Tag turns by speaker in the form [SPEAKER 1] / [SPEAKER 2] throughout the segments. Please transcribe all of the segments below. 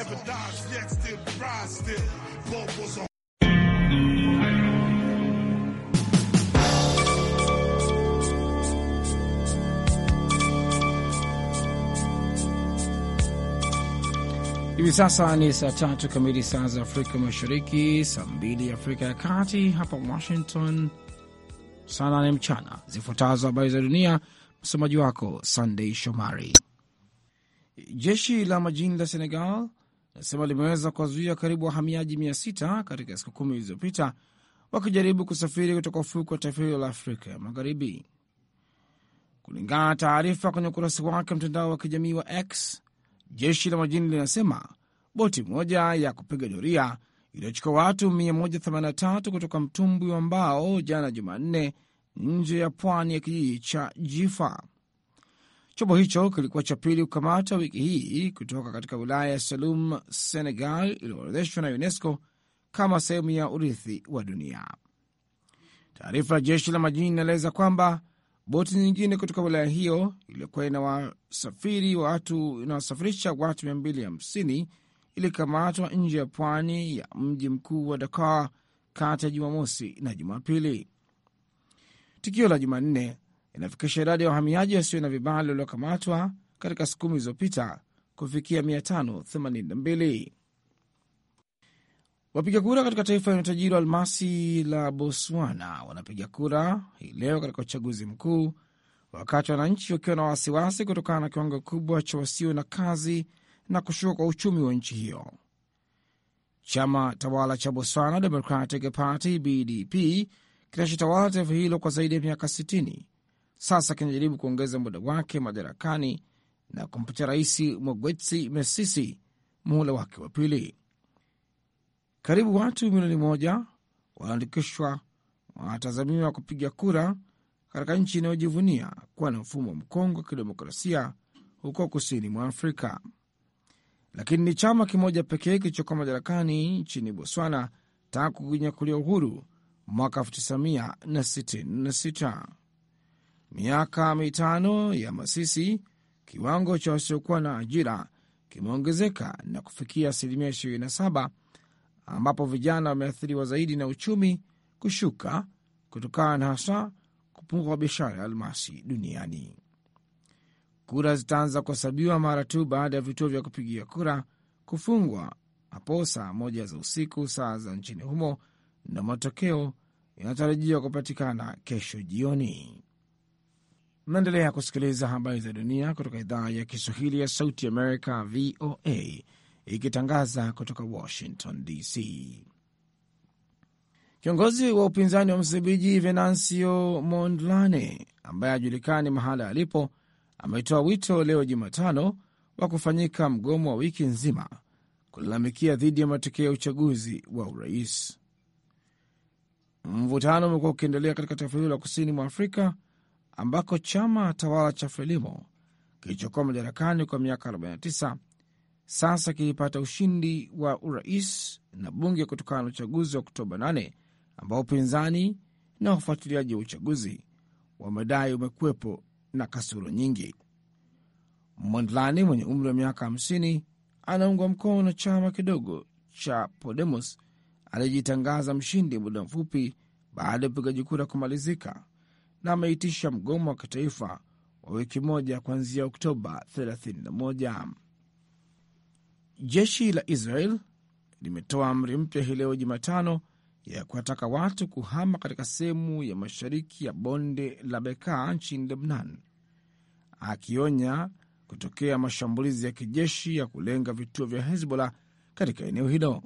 [SPEAKER 1] never dodged yet, still rise still. Love was on.
[SPEAKER 2] Hivi sasa ni saa tatu kamili saa za Afrika Mashariki, saa mbili Afrika ya Kati, hapa Washington saa nane mchana. Zifuatazo habari za dunia, msomaji wako Sandei Shomari. Jeshi la majini la Senegal nasema limeweza kuwazuia karibu wahamiaji mia sita katika siku kumi zilizopita wakijaribu kusafiri kutoka ufuku wa taifa hilo la Afrika ya Magharibi. Kulingana na taarifa kwenye ukurasa wake mtandao wa kijamii wa X, jeshi la majini linasema boti moja ya kupiga doria iliyochukua watu 183 kutoka mtumbwi wa mbao jana Jumanne nje ya pwani ya kijiji cha Jifa Chombo hicho kilikuwa cha pili kukamata wiki hii kutoka katika wilaya ya Salum, Senegal, iliyoorodheshwa na UNESCO kama sehemu ya urithi wa dunia. Taarifa ya jeshi la majini inaeleza kwamba boti nyingine kutoka wilaya hiyo iliyokuwa inawasafiri watu inawasafirisha watu 250 ilikamatwa nje ya pwani ya mji mkuu wa Dakar kati ya Jumamosi na Jumapili. Tukio la Jumanne inafikisha idadi ya wahamiaji wasio na vibali waliokamatwa katika siku kumi zilizopita kufikia 582. Wapiga kura katika taifa lenye utajiri wa almasi la Botswana wanapiga kura hii leo katika uchaguzi mkuu, wakati wananchi wakiwa na wasiwasi kutokana na kiwango kikubwa cha wasio na kazi na kushuka kwa uchumi wa nchi hiyo. Chama tawala cha Botswana Democratic Party, BDP, kinachotawala taifa hilo kwa zaidi ya miaka 60 sasa kinajaribu kuongeza muda wake madarakani na kumpatia rais Mogwetsi Mesisi muhula wake wa pili. Karibu watu milioni moja wanaandikishwa wanatazamiwa kupiga kura katika nchi inayojivunia kuwa na mfumo wa mkongo wa kidemokrasia huko kusini mwa Afrika, lakini ni chama kimoja pekee kilichokuwa madarakani nchini Botswana tangu kujinyakulia uhuru mwaka 1966 miaka mitano ya Masisi, kiwango cha wasiokuwa na ajira kimeongezeka na kufikia asilimia 27, ambapo vijana wameathiriwa zaidi na uchumi kushuka kutokana na hasa kupungua kwa biashara ya almasi duniani. Kura zitaanza kuhesabiwa mara tu baada ya vituo vya kupigia kura kufungwa hapo saa moja za usiku saa za nchini humo, na matokeo yanatarajiwa kupatikana kesho jioni. Mnaendelea kusikiliza habari za dunia kutoka idhaa ya Kiswahili ya Sauti Amerika, VOA, ikitangaza kutoka Washington DC. Kiongozi wa upinzani wa Msumbiji Venancio Mondlane, ambaye hajulikani mahala alipo, ametoa wito leo Jumatano wa kufanyika mgomo wa wiki nzima kulalamikia dhidi ya matokeo ya uchaguzi wa urais. Mvutano umekuwa ukiendelea katika taifa hilo la kusini mwa Afrika ambako chama tawala cha Frelimo kilichokuwa madarakani kwa miaka 49 sasa kilipata ushindi wa urais na bunge kutokana na uchaguzi wa Oktoba 8 ambao upinzani na wafuatiliaji wa uchaguzi wamedai umekuwepo na kasoro nyingi. Mondlane mwenye umri wa miaka 50 anaungwa mkono na chama kidogo cha Podemos aliyejitangaza mshindi muda mfupi baada ya upigaji kura kumalizika, na ameitisha mgomo wa kitaifa wa wiki moja kuanzia Oktoba 31. Jeshi la Israel limetoa amri mpya hii leo Jumatano ya kuwataka watu kuhama katika sehemu ya mashariki ya bonde la Bekaa nchini Lebnan, akionya kutokea mashambulizi ya kijeshi ya kulenga vituo vya Hezbollah katika eneo hilo.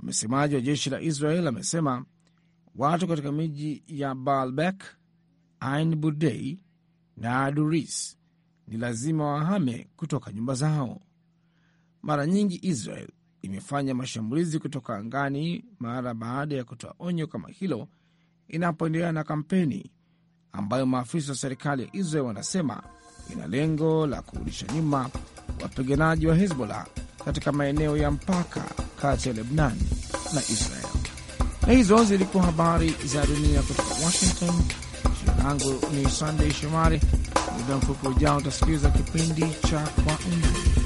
[SPEAKER 2] Msemaji wa jeshi la Israel amesema watu katika miji ya Baalbek, Ain Budei na Duris ni lazima wahame kutoka nyumba zao. Mara nyingi Israel imefanya mashambulizi kutoka angani mara baada ya kutoa onyo kama hilo inapoendelea na kampeni ambayo maafisa wa serikali ya Israel wanasema ina lengo la kurudisha nyuma wapiganaji wa Hezbollah katika maeneo ya mpaka kati ya Lebnan na Israel. Na hizo zilikuwa habari za dunia kutoka Washington. Jina langu ni Sunday Shomari. Muda mfupi ujao utasikiliza kipindi cha Kwa Undani.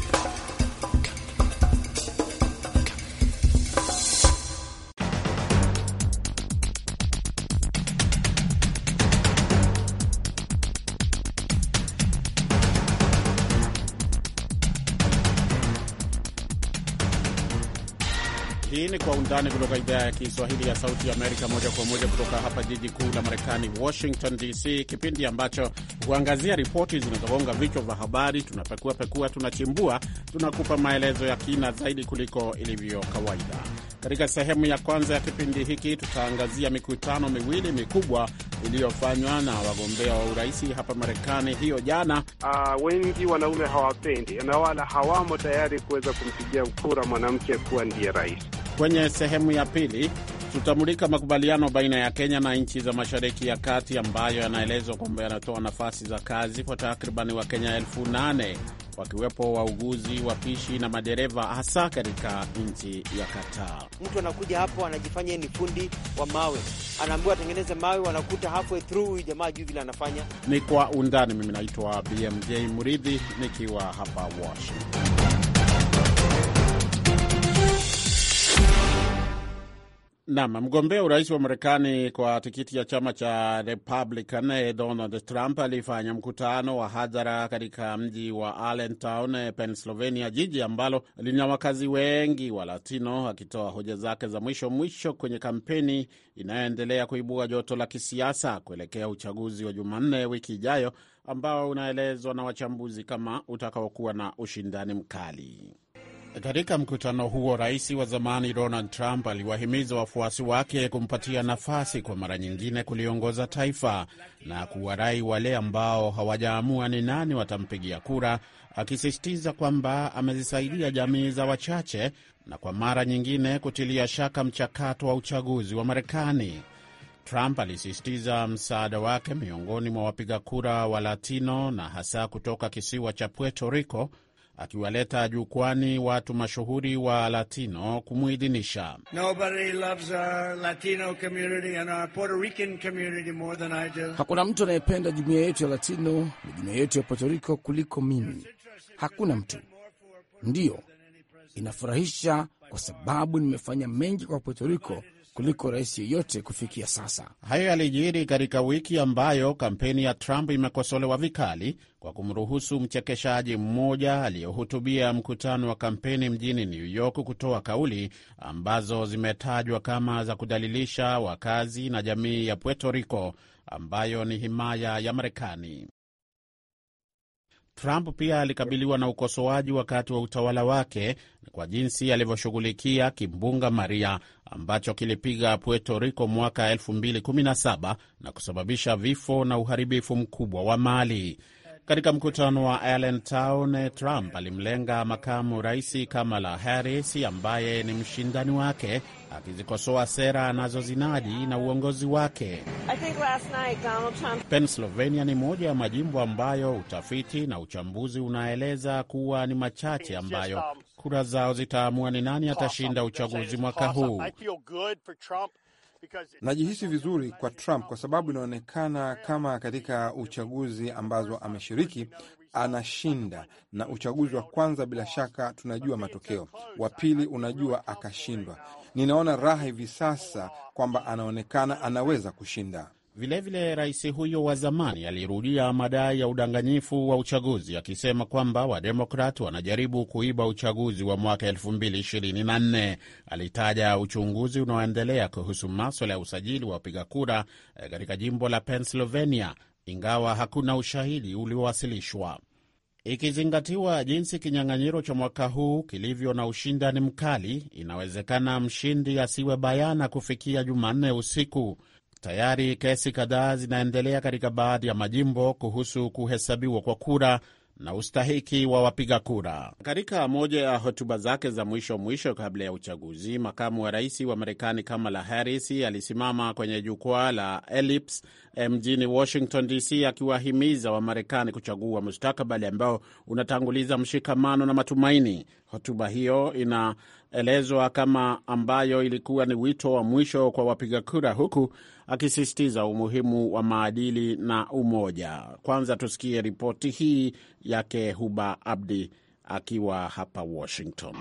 [SPEAKER 3] undani kutoka idhaa ya Kiswahili ya Sauti ya Amerika, moja kwa moja kutoka hapa jiji kuu la Marekani, Washington DC, kipindi ambacho huangazia ripoti zinazogonga vichwa vya habari. Tunapekua pekua, tunachimbua, tunakupa maelezo ya kina zaidi kuliko ilivyo kawaida. Katika sehemu ya kwanza ya kipindi hiki tutaangazia mikutano miwili mikubwa iliyofanywa na wagombea wa urais hapa Marekani
[SPEAKER 4] hiyo jana. Uh, wengi wanaume hawapendi na wala hawamo tayari kuweza kumpigia kura mwanamke kuwa ndiye rais.
[SPEAKER 3] Kwenye sehemu ya pili tutamulika makubaliano baina ya Kenya na nchi za Mashariki ya Kati ambayo yanaelezwa kwamba yanatoa nafasi za kazi kwa takribani Wakenya elfu nane wakiwepo wauguzi, wapishi na madereva, hasa katika nchi ya Kataa.
[SPEAKER 5] Mtu anakuja hapo anajifanya ni fundi wa mawe, anaambiwa atengeneze mawe, wanakuta halfway through huyu jamaa juu vile anafanya.
[SPEAKER 3] Ni kwa undani. Mimi naitwa BMJ Muridhi nikiwa hapa Washington. Nam, mgombea urais wa Marekani kwa tikiti ya chama cha Republican Donald Trump alifanya mkutano wa hadhara katika mji wa Allentown, Pennsylvania, jiji ambalo lina wakazi wengi wa Latino, akitoa hoja zake za mwisho mwisho kwenye kampeni inayoendelea kuibua joto la kisiasa kuelekea uchaguzi wa Jumanne wiki ijayo ambao unaelezwa na wachambuzi kama utakaokuwa na ushindani mkali. Katika mkutano huo, rais wa zamani Donald Trump aliwahimiza wafuasi wake kumpatia nafasi kwa mara nyingine kuliongoza taifa na kuwarai wale ambao hawajaamua ni nani watampigia kura, akisisitiza kwamba amezisaidia jamii za wachache na kwa mara nyingine kutilia shaka mchakato wa uchaguzi wa Marekani. Trump alisisitiza msaada wake miongoni mwa wapiga kura wa Latino na hasa kutoka kisiwa cha Puerto Rico akiwaleta jukwani watu mashuhuri wa Latino kumwidhinisha.
[SPEAKER 2] Hakuna mtu anayependa jumuiya yetu ya Latino na jumuiya yetu ya Puerto Rico kuliko mimi. Hakuna mtu. Ndiyo, inafurahisha kwa sababu nimefanya mengi kwa Puerto Rico kuliko rais yoyote kufikia sasa.
[SPEAKER 3] Hayo yalijiri katika wiki ambayo kampeni ya Trump imekosolewa vikali kwa kumruhusu mchekeshaji mmoja aliyehutubia mkutano wa kampeni mjini New York kutoa kauli ambazo zimetajwa kama za kudhalilisha wakazi na jamii ya Puerto Rico ambayo ni himaya ya Marekani. Trump pia alikabiliwa na ukosoaji wakati wa utawala wake kwa jinsi alivyoshughulikia kimbunga Maria ambacho kilipiga Puerto Rico mwaka 2017 na kusababisha vifo na uharibifu mkubwa wa mali. Katika mkutano wa Allentown, Trump alimlenga makamu rais Kamala Harris ambaye ni mshindani wake, akizikosoa sera anazozinadi na uongozi wake. Trump... Pennsylvania ni moja ya majimbo ambayo utafiti na uchambuzi unaeleza kuwa ni machache ambayo um, kura zao zitaamua ni nani atashinda uchaguzi mwaka huu.
[SPEAKER 6] Najihisi vizuri kwa Trump kwa sababu inaonekana kama katika uchaguzi ambazo ameshiriki anashinda, na uchaguzi wa kwanza bila shaka tunajua matokeo, wa pili unajua akashindwa. Ninaona raha hivi sasa kwamba anaonekana anaweza kushinda.
[SPEAKER 3] Vilevile, rais huyo wa zamani alirudia madai ya udanganyifu wa uchaguzi akisema kwamba Wademokrat wanajaribu kuiba uchaguzi wa mwaka 2024. Alitaja uchunguzi unaoendelea kuhusu maswala ya usajili wa wapiga kura eh, katika jimbo la Pennsylvania, ingawa hakuna ushahidi uliowasilishwa. Ikizingatiwa jinsi kinyang'anyiro cha mwaka huu kilivyo na ushindani mkali, inawezekana mshindi asiwe bayana kufikia Jumanne usiku. Tayari kesi kadhaa zinaendelea katika baadhi ya majimbo kuhusu kuhesabiwa kwa kura na ustahiki wa wapiga kura. Katika moja ya hotuba zake za mwisho mwisho kabla ya uchaguzi, makamu wa rais wa Marekani Kamala Harris alisimama kwenye jukwaa la Ellipse eh, mjini Washington DC, akiwahimiza Wamarekani kuchagua mustakabali ambao unatanguliza mshikamano na matumaini. Hotuba hiyo ina elezwa kama ambayo ilikuwa ni wito wa mwisho kwa wapiga kura, huku akisisitiza umuhimu wa maadili na umoja. Kwanza tusikie ripoti hii yake Huba Abdi akiwa hapa Washington,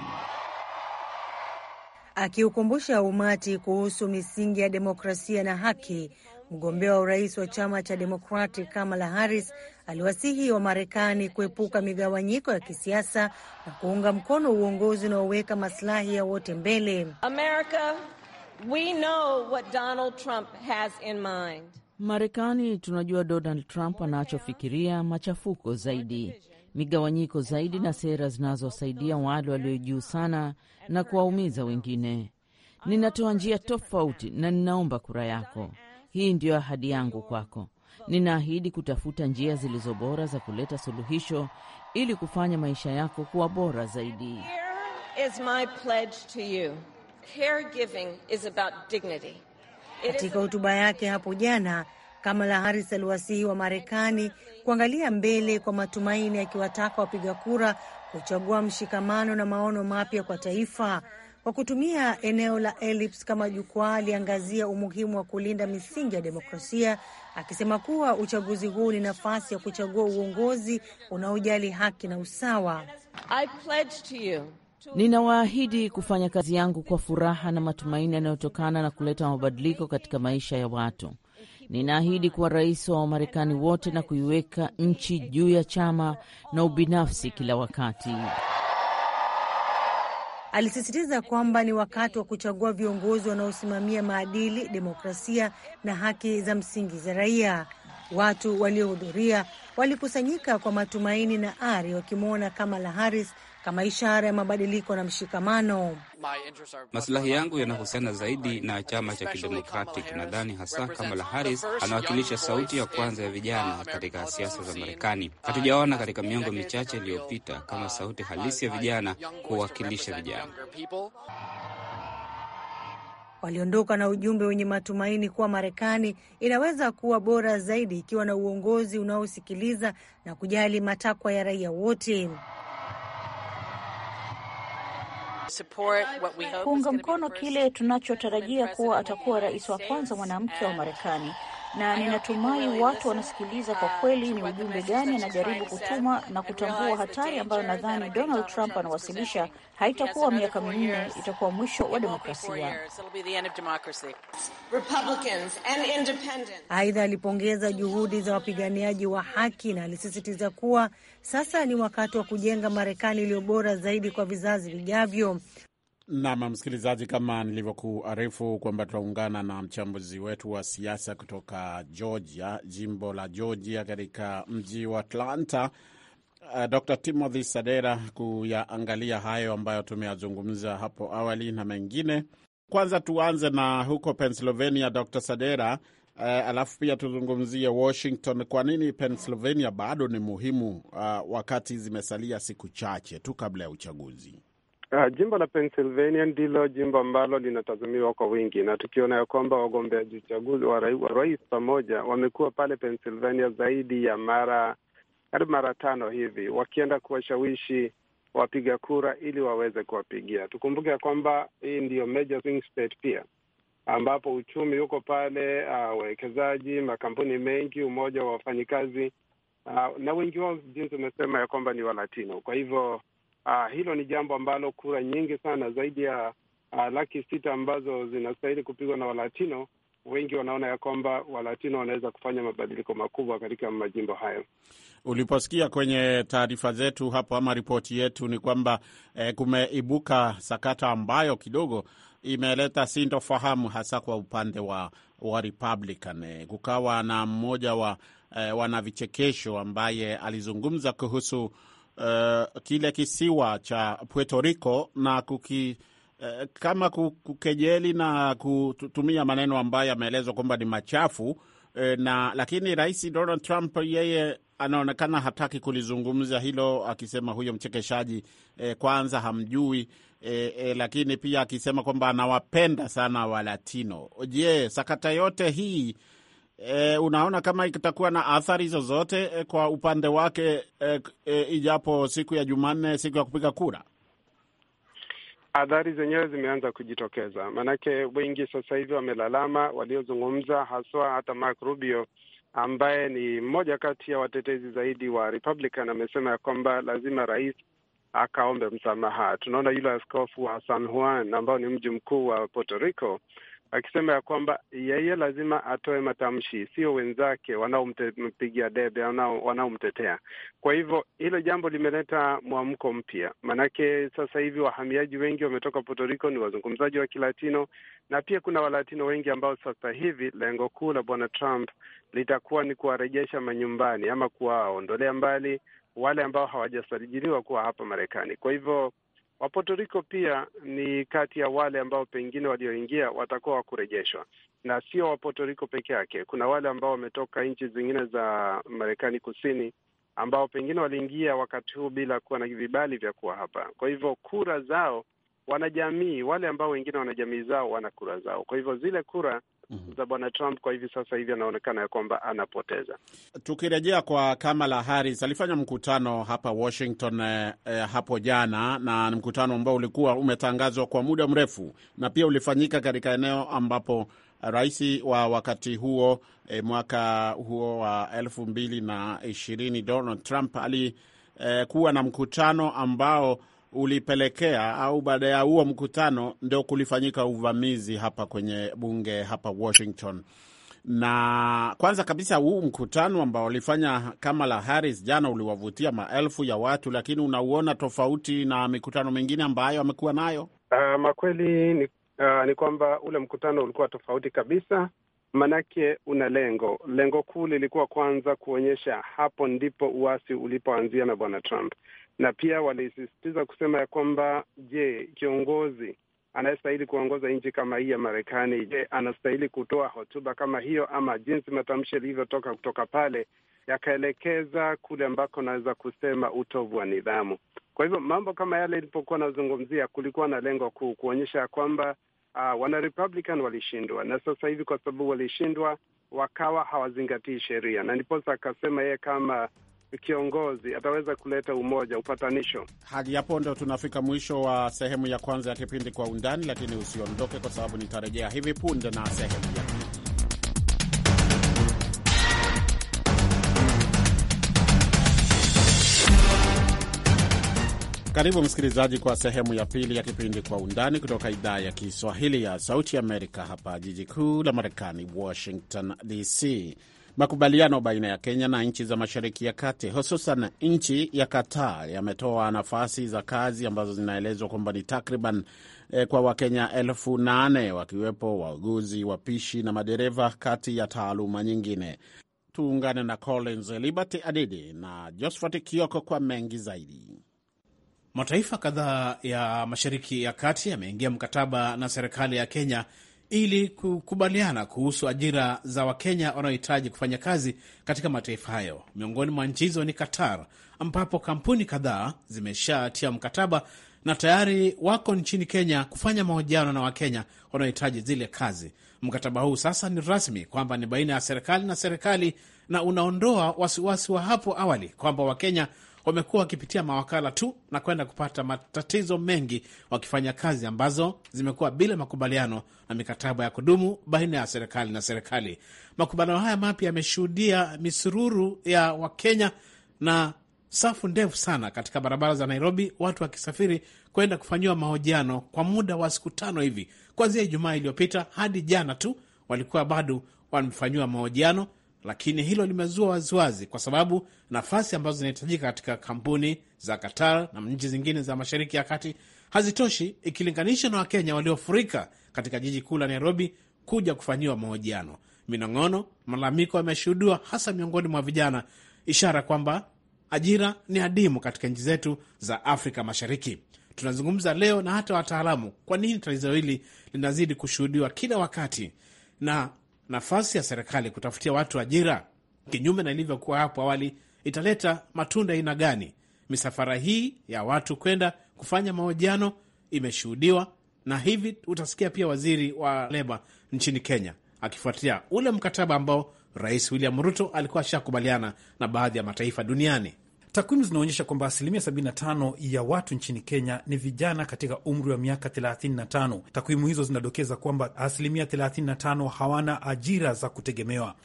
[SPEAKER 1] akiukumbusha umati kuhusu misingi ya demokrasia na haki. Mgombea wa urais wa chama cha demokrati Kamala Harris aliwasihi wa Marekani kuepuka migawanyiko ya kisiasa na kuunga mkono uongozi unaoweka maslahi ya wote mbele.
[SPEAKER 7] America, we know what Donald Trump has in mind. Marekani, tunajua Donald Trump anachofikiria, machafuko zaidi, migawanyiko zaidi, na sera zinazosaidia wale walio juu sana na kuwaumiza wengine. Ninatoa njia tofauti na ninaomba kura yako. Hii ndiyo ahadi yangu kwako. Ninaahidi kutafuta njia zilizo bora za kuleta suluhisho ili kufanya maisha yako kuwa bora zaidi.
[SPEAKER 1] Katika hotuba yake hapo jana, Kamala Harris aliwasihi wa Marekani kuangalia mbele kwa matumaini, akiwataka wapiga kura kuchagua mshikamano na maono mapya kwa taifa. Kwa kutumia eneo la Elips kama jukwaa, aliangazia umuhimu wa kulinda misingi ya demokrasia, akisema kuwa uchaguzi huu ni nafasi ya kuchagua uongozi unaojali haki na usawa.
[SPEAKER 7] Ninawaahidi kufanya kazi yangu kwa furaha na matumaini yanayotokana na kuleta mabadiliko katika maisha ya watu. Ninaahidi kuwa rais wa Wamarekani wote na kuiweka nchi juu ya chama na ubinafsi kila wakati.
[SPEAKER 1] Alisisitiza kwamba ni wakati wa kuchagua viongozi wanaosimamia maadili, demokrasia na haki za msingi za raia. Watu waliohudhuria walikusanyika kwa matumaini na ari, wakimwona Kamala Harris kama ishara ya mabadiliko na mshikamano.
[SPEAKER 8] Masilahi yangu yanahusiana zaidi na chama cha Kidemokratic. Nadhani hasa Kamala Harris anawakilisha sauti ya kwanza ya vijana katika siasa za Marekani. Hatujaona katika miongo michache iliyopita kama sauti halisi ya vijana kuwakilisha
[SPEAKER 6] vijana.
[SPEAKER 1] Waliondoka na ujumbe wenye matumaini kuwa Marekani inaweza kuwa bora zaidi ikiwa na uongozi unaosikiliza na kujali matakwa ya raia wote kuunga mkono kile tunachotarajia kuwa atakuwa rais wa kwanza mwanamke wa Marekani na ninatumai watu wanasikiliza kwa uh, kweli ni ujumbe gani anajaribu kutuma na kutambua hatari ambayo nadhani Donald Trump anawasilisha. Haitakuwa miaka minne, itakuwa mwisho wa demokrasia. Aidha, alipongeza juhudi za wapiganiaji wa haki na alisisitiza kuwa sasa ni wakati wa kujenga Marekani iliyo bora zaidi kwa vizazi vijavyo.
[SPEAKER 3] Nam msikilizaji, kama nilivyokuarifu kwamba tutaungana na mchambuzi wetu wa siasa kutoka Georgia, jimbo la Georgia, katika mji wa Atlanta, uh, Dr Timothy Sadera kuyaangalia hayo ambayo tumeyazungumza hapo awali na mengine. Kwanza tuanze na huko Pennsylvania, Dr Sadera, uh, alafu pia tuzungumzie Washington. Kwa nini Pennsylvania bado ni muhimu, uh, wakati zimesalia siku chache tu kabla ya uchaguzi?
[SPEAKER 5] Uh,
[SPEAKER 4] jimbo la Pennsylvania ndilo jimbo ambalo linatazamiwa kwa wingi, na tukiona ya kwamba wagombeaji uchaguzi wa rais pamoja wamekuwa pale Pennsylvania zaidi ya mara karibu mara tano hivi, wakienda kuwashawishi wapiga kura ili waweze kuwapigia. Tukumbuke ya kwamba hii ndiyo major swing state pia, ambapo uchumi uko pale, ah, wawekezaji, uh, makampuni mengi, umoja wa wafanyikazi, uh, na wengi wao jinsi umesema ya kwamba ni Walatino, kwa hivyo uh, hilo ni jambo ambalo kura nyingi sana zaidi ya uh, laki sita ambazo zinastahili kupigwa na Walatino, wengi wanaona ya kwamba Walatino wanaweza kufanya mabadiliko makubwa katika majimbo hayo.
[SPEAKER 3] Uliposikia kwenye taarifa zetu hapo ama ripoti yetu ni kwamba eh, kumeibuka sakata ambayo kidogo imeleta sintofahamu hasa kwa upande wa, wa Republican. Kukawa na mmoja wa eh, wana vichekesho ambaye alizungumza kuhusu Uh, kile kisiwa cha Puerto Rico na kuki uh, kama kukejeli na kutumia maneno ambayo yameelezwa kwamba ni machafu uh, na lakini Rais Donald Trump yeye anaonekana hataki kulizungumza hilo, akisema huyo mchekeshaji eh, kwanza hamjui eh, eh, lakini pia akisema kwamba anawapenda sana Walatino. Je, sakata yote hii E, unaona kama itakuwa na athari zozote e, kwa upande wake e, e, ijapo siku ya Jumanne, siku ya kupiga kura,
[SPEAKER 4] athari zenyewe zimeanza kujitokeza. Maanake wengi sasa hivi wamelalama, waliozungumza haswa, hata Mark Rubio ambaye ni mmoja kati ya watetezi zaidi wa Republican amesema ya kwamba lazima rais akaombe msamaha. Tunaona yule askofu wa San Juan ambao ni mji mkuu wa Puerto Rico akisema ya kwamba yeye lazima atoe matamshi, sio wenzake wanaompigia debe, wanaomtetea. Kwa hivyo hilo jambo limeleta mwamko mpya, maanake sasa hivi wahamiaji wengi wametoka Puerto Rico ni wazungumzaji wa Kilatino, na pia kuna Walatino wengi ambao sasa hivi lengo kuu la bwana Trump litakuwa ni kuwarejesha manyumbani ama kuwaondolea mbali wale ambao hawajasajiliwa kuwa hapa Marekani. Kwa hivyo wapotoriko Rico pia ni kati ya wale ambao pengine walioingia watakuwa wakurejeshwa, na sio wapotoriko Rico peke yake. Kuna wale ambao wametoka nchi zingine za Marekani Kusini ambao pengine waliingia wakati huu bila kuwa na vibali vya kuwa hapa. Kwa hivyo kura zao wanajamii, wale ambao wengine wanajamii zao wana kura zao, kwa hivyo zile kura mm -hmm. Bwana Trump kwa hivi sasa hivi anaonekana ya kwamba anapoteza.
[SPEAKER 3] Tukirejea kwa Kamala Harris, alifanya mkutano hapa Washington eh, eh hapo jana, na mkutano ambao ulikuwa umetangazwa kwa muda mrefu na pia ulifanyika katika eneo ambapo rais wa wakati huo eh, mwaka huo wa elfu mbili na ishirini Donald Trump alikuwa eh, na mkutano ambao ulipelekea au baada ya huo mkutano ndio kulifanyika uvamizi hapa kwenye bunge hapa Washington. Na kwanza kabisa huu mkutano ambao walifanya Kamala Harris jana uliwavutia maelfu ya watu, lakini unauona tofauti na mikutano mingine ambayo amekuwa nayo?
[SPEAKER 4] Uh, ah, makweli ni, uh, ni kwamba ule mkutano ulikuwa tofauti kabisa, maanake una lengo. Lengo kuu lilikuwa kwanza kuonyesha hapo ndipo uasi ulipoanzia na bwana Trump, na pia walisisitiza kusema ya kwamba je, kiongozi anayestahili kuongoza nchi kama hii ya Marekani, je, anastahili kutoa hotuba kama hiyo, ama jinsi matamshi yalivyotoka kutoka pale yakaelekeza kule ambako naweza kusema utovu wa nidhamu. Kwa hivyo mambo kama yale ilipokuwa nazungumzia, kulikuwa na lengo kuu kuonyesha ya kwamba uh, wana Republican walishindwa, na sasa hivi kwa sababu walishindwa wakawa hawazingatii sheria, na ndiposa akasema yeye kama kiongozi ataweza kuleta umoja, upatanisho.
[SPEAKER 3] Hadi hapo ndo tunafika mwisho wa sehemu ya kwanza ya kipindi Kwa Undani, lakini usiondoke, kwa sababu nitarejea hivi punde na sehemu ya pili. Karibu msikilizaji, kwa sehemu ya pili ya kipindi Kwa Undani kutoka idhaa ya Kiswahili ya Sauti Amerika, hapa jiji kuu la Marekani, Washington DC. Makubaliano baina ya Kenya na nchi za Mashariki ya Kati, hususan nchi ya Qatar, yametoa nafasi za kazi ambazo zinaelezwa kwamba ni takriban eh, kwa Wakenya elfu nane wakiwepo wauguzi, wapishi na madereva, kati ya taaluma nyingine. Tuungane na Collins Liberty Adidi na Josphat Kioko kwa mengi zaidi. Mataifa kadhaa ya Mashariki
[SPEAKER 8] ya Kati yameingia mkataba na serikali ya Kenya ili kukubaliana kuhusu ajira za Wakenya wanaohitaji kufanya kazi katika mataifa hayo. Miongoni mwa nchi hizo ni Qatar, ambapo kampuni kadhaa zimeshatia mkataba na tayari wako nchini Kenya kufanya mahojiano na Wakenya wanaohitaji zile kazi. Mkataba huu sasa ni rasmi kwamba ni baina ya serikali na serikali, na unaondoa wasiwasi wa hapo awali kwamba Wakenya wamekuwa wakipitia mawakala tu na kwenda kupata matatizo mengi wakifanya kazi ambazo zimekuwa bila makubaliano na mikataba ya kudumu baina ya serikali na serikali. Makubaliano haya mapya yameshuhudia misururu ya Wakenya na safu ndefu sana katika barabara za Nairobi, watu wakisafiri kwenda kufanyiwa mahojiano kwa muda wa siku tano hivi, kuanzia Ijumaa iliyopita hadi jana tu walikuwa bado wamefanyiwa mahojiano lakini hilo limezua waziwazi, kwa sababu nafasi ambazo zinahitajika katika kampuni za Qatar na nchi zingine za Mashariki ya Kati hazitoshi ikilinganisha na Wakenya waliofurika katika jiji kuu la Nairobi kuja kufanyiwa mahojiano. Minong'ono, malalamiko yameshuhudiwa hasa miongoni mwa vijana, ishara kwamba ajira ni adimu katika nchi zetu za Afrika Mashariki. Tunazungumza leo na hata wataalamu, kwa nini tatizo hili linazidi kushuhudiwa kila wakati na nafasi ya serikali kutafutia watu ajira, kinyume na ilivyokuwa hapo awali, italeta matunda aina gani? Misafara hii ya watu kwenda kufanya mahojiano imeshuhudiwa, na hivi utasikia pia waziri wa leba nchini Kenya akifuatia ule mkataba ambao Rais William Ruto alikuwa ashakubaliana na baadhi ya mataifa duniani.
[SPEAKER 6] Takwimu zinaonyesha kwamba asilimia 75 ya watu nchini Kenya ni vijana katika umri wa miaka 35. Takwimu hizo zinadokeza kwamba asilimia 35 hawana ajira za kutegemewa.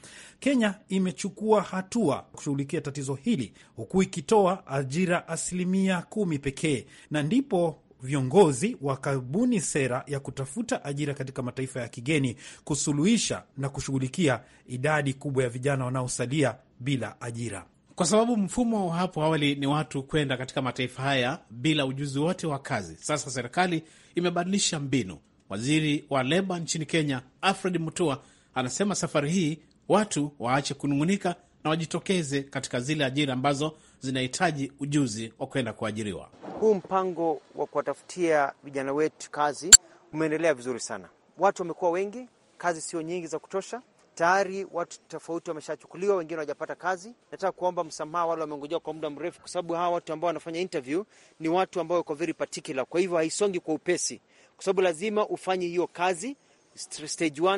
[SPEAKER 6] Kenya imechukua hatua kushughulikia tatizo hili huku ikitoa ajira asilimia kumi pekee, na ndipo viongozi wakabuni sera ya kutafuta ajira katika mataifa ya kigeni kusuluhisha na kushughulikia idadi kubwa ya vijana wanaosalia bila ajira kwa sababu mfumo
[SPEAKER 8] hapo awali ni watu kwenda katika mataifa haya bila ujuzi wote wa kazi. Sasa serikali imebadilisha mbinu. Waziri wa leba nchini Kenya, Alfred Mutua, anasema safari hii watu waache kunung'unika na wajitokeze katika zile ajira ambazo zinahitaji ujuzi wa kwenda kuajiriwa.
[SPEAKER 5] Huu mpango wa kuwatafutia vijana wetu kazi umeendelea vizuri sana. Watu wamekuwa wengi, kazi sio nyingi za kutosha tayari watu tofauti wameshachukuliwa, wengine wajapata kazi. Nataka kuomba msamaha wale wameongojea kwa muda mrefu, kwa sababu hawa watu ambao wanafanya interview ni watu ambao wako very particular, kwa hivyo haisongi kwa upesi, kwa sababu lazima ufanye hiyo kazi stage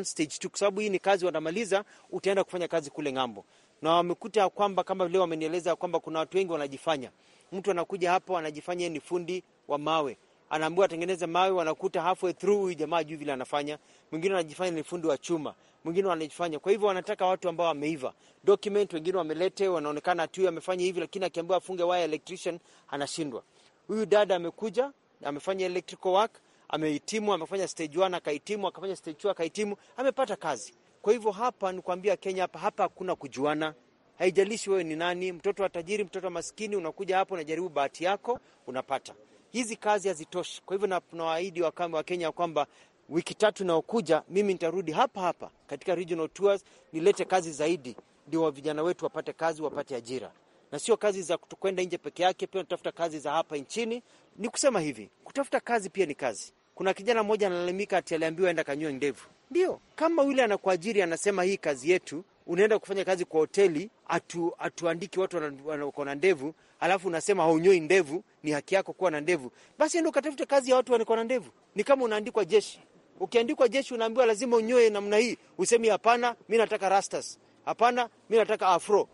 [SPEAKER 5] stage kwa sababu hii ni kazi wanamaliza, utaenda kufanya kazi kule ng'ambo. Na wamekuta kwamba kama leo wamenieleza kwamba kuna watu wengi wanajifanya, mtu anakuja hapo anajifanya ni fundi wa mawe anaambiwa atengeneze mawe, wanakuta halfway through huyu jamaa juu vile anafanya. Mwingine anajifanya ni fundi wa chuma, mwingine anajifanya. Kwa hivyo wanataka watu ambao wameiva document, wengine wamelete, wanaonekana tu amefanya hivi, lakini akiambiwa afunge waya electrician anashindwa. Huyu dada amekuja amefanya electrical work, amehitimu, amefanya stage 1 akahitimu, akafanya stage 2 akahitimu, amepata kazi. Kwa hivyo hapa ni nikwambia, Kenya hapa hapa hakuna kujuana. Haijalishi wewe ni nani, mtoto wa tajiri, mtoto wa maskini, unakuja hapo unajaribu bahati yako, unapata hizi kazi hazitoshi. Kwa hivyo tunawaahidi wakame wa Kenya kwamba wiki tatu inayokuja mimi nitarudi hapa hapa katika regional tours, nilete kazi zaidi, ndio vijana wetu wapate kazi, wapate ajira, na sio kazi za kutokwenda nje peke yake. Pia natafuta kazi za hapa nchini. Ni kusema hivi, kutafuta kazi pia ni kazi. Kuna kijana mmoja analalamika ati aliambiwa aenda kanyoe ndevu. Ndio, kama yule anakuajiri anasema hii kazi yetu unaenda kufanya kazi kwa hoteli, atu, atuandiki watu wako na ndevu, alafu unasema haunyoi ndevu, ni haki yako kuwa na ndevu, basi enda ukatafute kazi ya watu wako na ndevu. Ni kama unaandikwa jeshi. Ukiandikwa jeshi, unaambiwa lazima unyoe namna hii, usemi hapana, mi nataka rastas, hapana, mi nataka afro,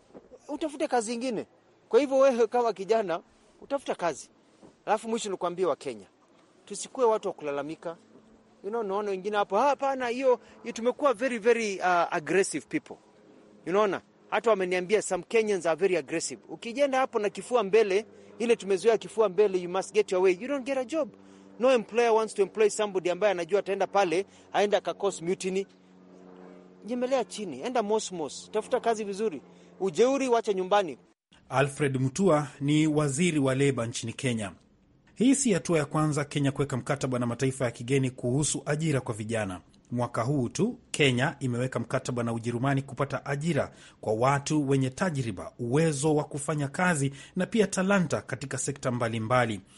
[SPEAKER 5] utafute kazi ingine. Kwa hivyo wewe kama kijana utafuta kazi. Alafu mwisho nikuambia, wa Kenya tusikue watu wa kulalamika. You know, naona wengine hapo, hapana, hiyo tumekuwa very very uh, aggressive people Unaona, hata wameniambia some Kenyans are very aggressive. Ukijenda hapo na kifua mbele, ile tumezoea kifua mbele, you must get your way, you don't get a job. No employer wants to employ somebody ambaye anajua ataenda pale aenda kakos mutiny. Nyemelea chini, enda mosmos, tafuta kazi vizuri, ujeuri wacha nyumbani.
[SPEAKER 6] Alfred Mutua ni waziri wa leba nchini Kenya. Hii si hatua ya kwanza Kenya kuweka mkataba na mataifa ya kigeni kuhusu ajira kwa vijana. Mwaka huu tu Kenya imeweka mkataba na Ujerumani kupata ajira kwa watu wenye tajriba, uwezo wa kufanya kazi na pia talanta katika sekta mbalimbali mbali.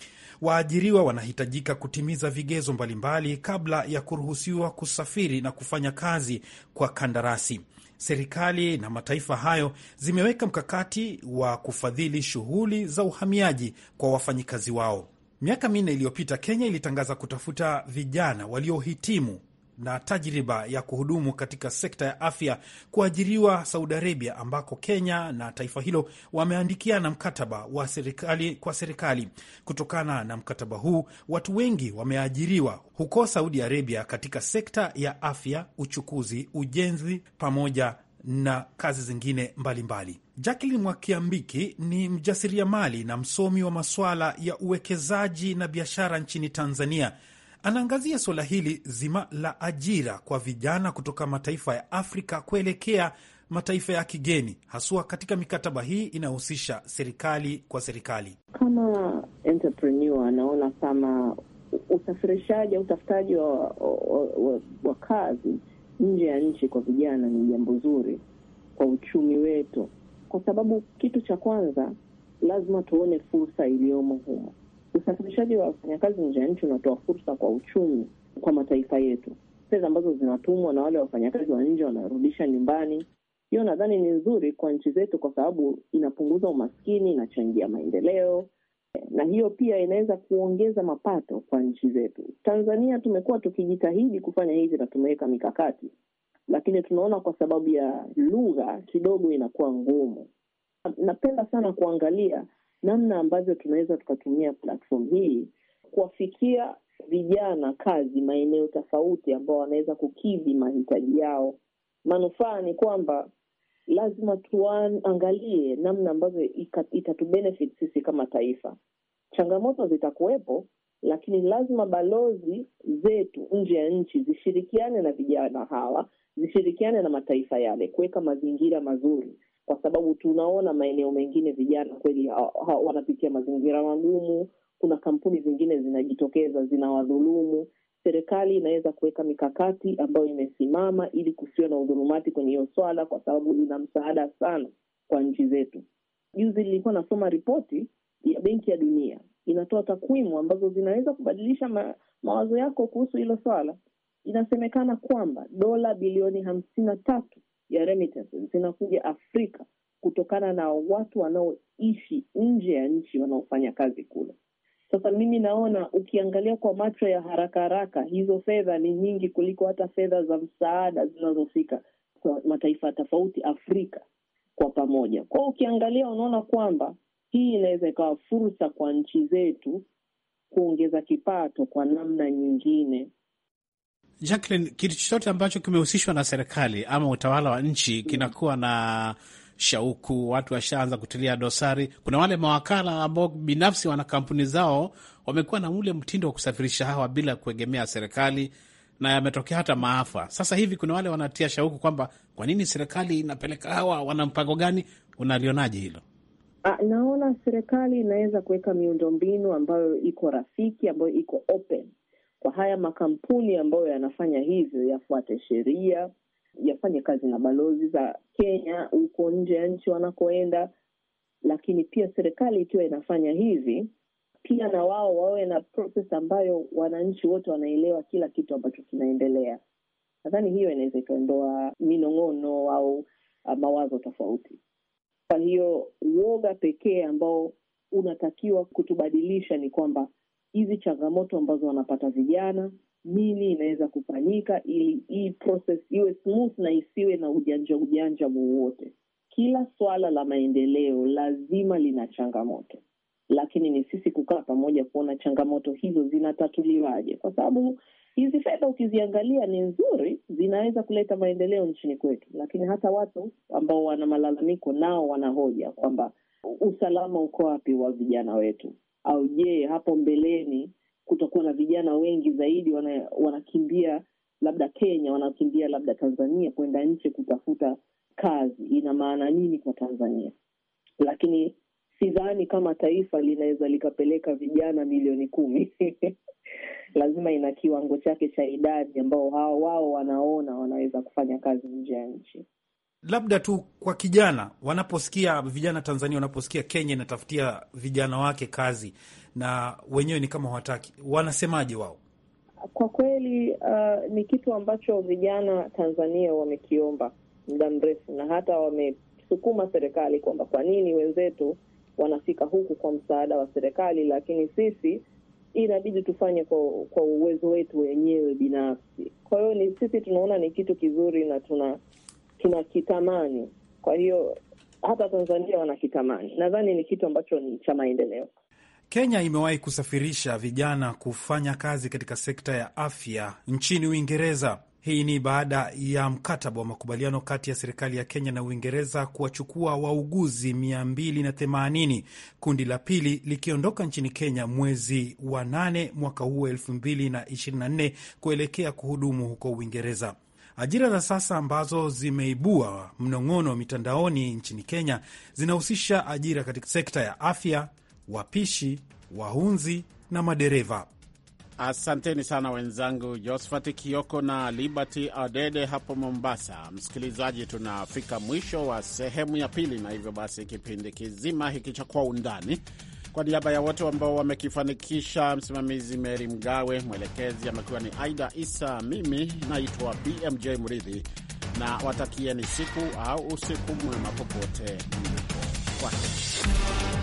[SPEAKER 6] Waajiriwa wanahitajika kutimiza vigezo mbalimbali kabla ya kuruhusiwa kusafiri na kufanya kazi kwa kandarasi. Serikali na mataifa hayo zimeweka mkakati wa kufadhili shughuli za uhamiaji kwa wafanyikazi wao. Miaka minne iliyopita Kenya ilitangaza kutafuta vijana waliohitimu na tajriba ya kuhudumu katika sekta ya afya kuajiriwa Saudi Arabia, ambako Kenya na taifa hilo wameandikiana mkataba wa serikali kwa serikali. Kutokana na mkataba huu, watu wengi wameajiriwa huko Saudi Arabia katika sekta ya afya, uchukuzi, ujenzi pamoja na kazi zingine mbalimbali. Jacqueline Mwakiambiki ni mjasiriamali na msomi wa masuala ya uwekezaji na biashara nchini Tanzania Anaangazia suala hili zima la ajira kwa vijana kutoka mataifa ya Afrika kuelekea mataifa ya kigeni, haswa katika mikataba hii inayohusisha serikali kwa serikali.
[SPEAKER 7] Kama entrepreneur, anaona kama usafirishaji au utafutaji wa, wa, wa, wa kazi nje ya nchi kwa vijana ni jambo zuri kwa uchumi wetu, kwa sababu kitu cha kwanza lazima tuone fursa iliyomo humo Usafirishaji wa wafanyakazi nje ya nchi unatoa fursa kwa uchumi kwa mataifa yetu. Fedha ambazo zinatumwa na wale wafanyakazi wa nje wanarudisha nyumbani. Hiyo nadhani ni nzuri kwa nchi zetu, kwa sababu inapunguza umaskini, inachangia maendeleo, na hiyo pia inaweza kuongeza mapato kwa nchi zetu. Tanzania tumekuwa tukijitahidi kufanya hivi na tumeweka mikakati, lakini tunaona kwa sababu ya lugha kidogo inakuwa ngumu. Napenda sana kuangalia namna ambavyo tunaweza tukatumia platform hii kuwafikia vijana kazi maeneo tofauti, ambao wanaweza kukidhi mahitaji yao. Manufaa ni kwamba lazima tuangalie namna ambavyo itatubenefit sisi kama taifa. Changamoto zitakuwepo, lakini lazima balozi zetu nje ya nchi zishirikiane na vijana hawa, zishirikiane na mataifa yale kuweka mazingira mazuri kwa sababu tunaona maeneo mengine vijana kweli wanapitia mazingira magumu. Kuna kampuni zingine zinajitokeza zinawadhulumu. Serikali inaweza kuweka mikakati ambayo imesimama ili kusiwa na udhulumati kwenye hiyo swala, kwa sababu ina msaada sana kwa nchi zetu. Juzi nilikuwa nasoma ripoti ya Benki ya Dunia inatoa takwimu ambazo zinaweza kubadilisha ma, mawazo yako kuhusu hilo swala. Inasemekana kwamba dola bilioni hamsini na tatu ya remittances zinakuja Afrika kutokana na watu wanaoishi nje ya nchi wanaofanya kazi kule. Sasa mimi naona ukiangalia kwa macho ya haraka haraka, hizo fedha ni nyingi kuliko hata fedha za msaada zinazofika kwa mataifa tofauti Afrika kwa pamoja. Kwa hiyo ukiangalia, unaona kwamba hii inaweza ikawa fursa kwa nchi zetu kuongeza kipato kwa namna nyingine
[SPEAKER 8] Jacqueline, kitu chochote ambacho kimehusishwa na serikali ama utawala wa nchi kinakuwa na shauku, watu washaanza kutilia dosari. Kuna wale mawakala ambao binafsi wana kampuni zao, wamekuwa na ule mtindo wa kusafirisha hawa bila kuegemea serikali, na yametokea hata maafa. Sasa hivi kuna wale wanatia shauku kwamba kwa nini serikali inapeleka hawa, wana mpango gani? Unalionaje hilo?
[SPEAKER 7] Ah, naona serikali inaweza kuweka miundombinu ambayo iko rafiki, ambayo iko open kwa haya makampuni ambayo yanafanya hivyo yafuate sheria, yafanye kazi na balozi za Kenya huko nje ya nchi wanakoenda. Lakini pia serikali ikiwa inafanya hivi, pia na wao wawe na process ambayo wananchi wote wanaelewa kila kitu ambacho kinaendelea. Nadhani hiyo inaweza ikaondoa minong'ono au uh, mawazo tofauti. Kwa hiyo uoga pekee ambao unatakiwa kutubadilisha ni kwamba hizi changamoto ambazo wanapata vijana, nini inaweza kufanyika ili hii process iwe smooth na isiwe na ujanja ujanja wowote. Kila swala la maendeleo lazima lina changamoto, lakini ni sisi kukaa pamoja kuona changamoto hizo zinatatuliwaje, kwa sababu hizi fedha ukiziangalia ni nzuri, zinaweza kuleta maendeleo nchini kwetu, lakini hata watu ambao wana malalamiko nao wanahoja kwamba usalama uko wapi wa vijana wetu? au je, hapo mbeleni kutakuwa na vijana wengi zaidi wana, wanakimbia labda Kenya, wanakimbia labda Tanzania kwenda nche kutafuta kazi, ina maana nini kwa Tanzania? Lakini sidhani kama taifa linaweza likapeleka vijana milioni kumi lazima ina kiwango chake cha idadi ambao hao wao wanaona wanaweza kufanya kazi nje ya nchi
[SPEAKER 6] labda tu kwa kijana, wanaposikia vijana Tanzania wanaposikia Kenya inatafutia vijana wake kazi na wenyewe ni kama hawataki, wanasemaje wao?
[SPEAKER 7] Kwa kweli uh, ni kitu ambacho vijana Tanzania wamekiomba muda mrefu, na hata wamesukuma serikali kwamba kwa nini wenzetu wanafika huku kwa msaada wa serikali, lakini sisi inabidi tufanye kwa kwa uwezo wetu wenyewe binafsi. Kwa hiyo ni sisi tunaona ni kitu kizuri na tuna tunakitamani. Kwa hiyo hata Tanzania wanakitamani, nadhani ni kitu ambacho ni cha maendeleo.
[SPEAKER 6] Kenya imewahi kusafirisha vijana kufanya kazi katika sekta ya afya nchini Uingereza. Hii ni baada ya mkataba wa makubaliano kati ya serikali ya Kenya na Uingereza kuwachukua wauguzi 280 kundi la pili likiondoka nchini Kenya mwezi wa 8 mwaka huu 2024 kuelekea kuhudumu huko Uingereza. Ajira za sasa ambazo zimeibua mnong'ono wa mitandaoni nchini Kenya zinahusisha ajira katika sekta ya afya, wapishi, wahunzi na madereva. Asanteni sana
[SPEAKER 3] wenzangu Josphat Kioko na Liberty Adede hapo Mombasa. Msikilizaji, tunafika mwisho wa sehemu ya pili, na hivyo basi kipindi kizima hiki cha Kwa Undani kwa niaba ya wote ambao wamekifanikisha, msimamizi Meri Mgawe, mwelekezi amekuwa ni Aida Isa, mimi naitwa BMJ Mridhi na watakieni siku au usiku mwema popote mlipo. Kwaheri.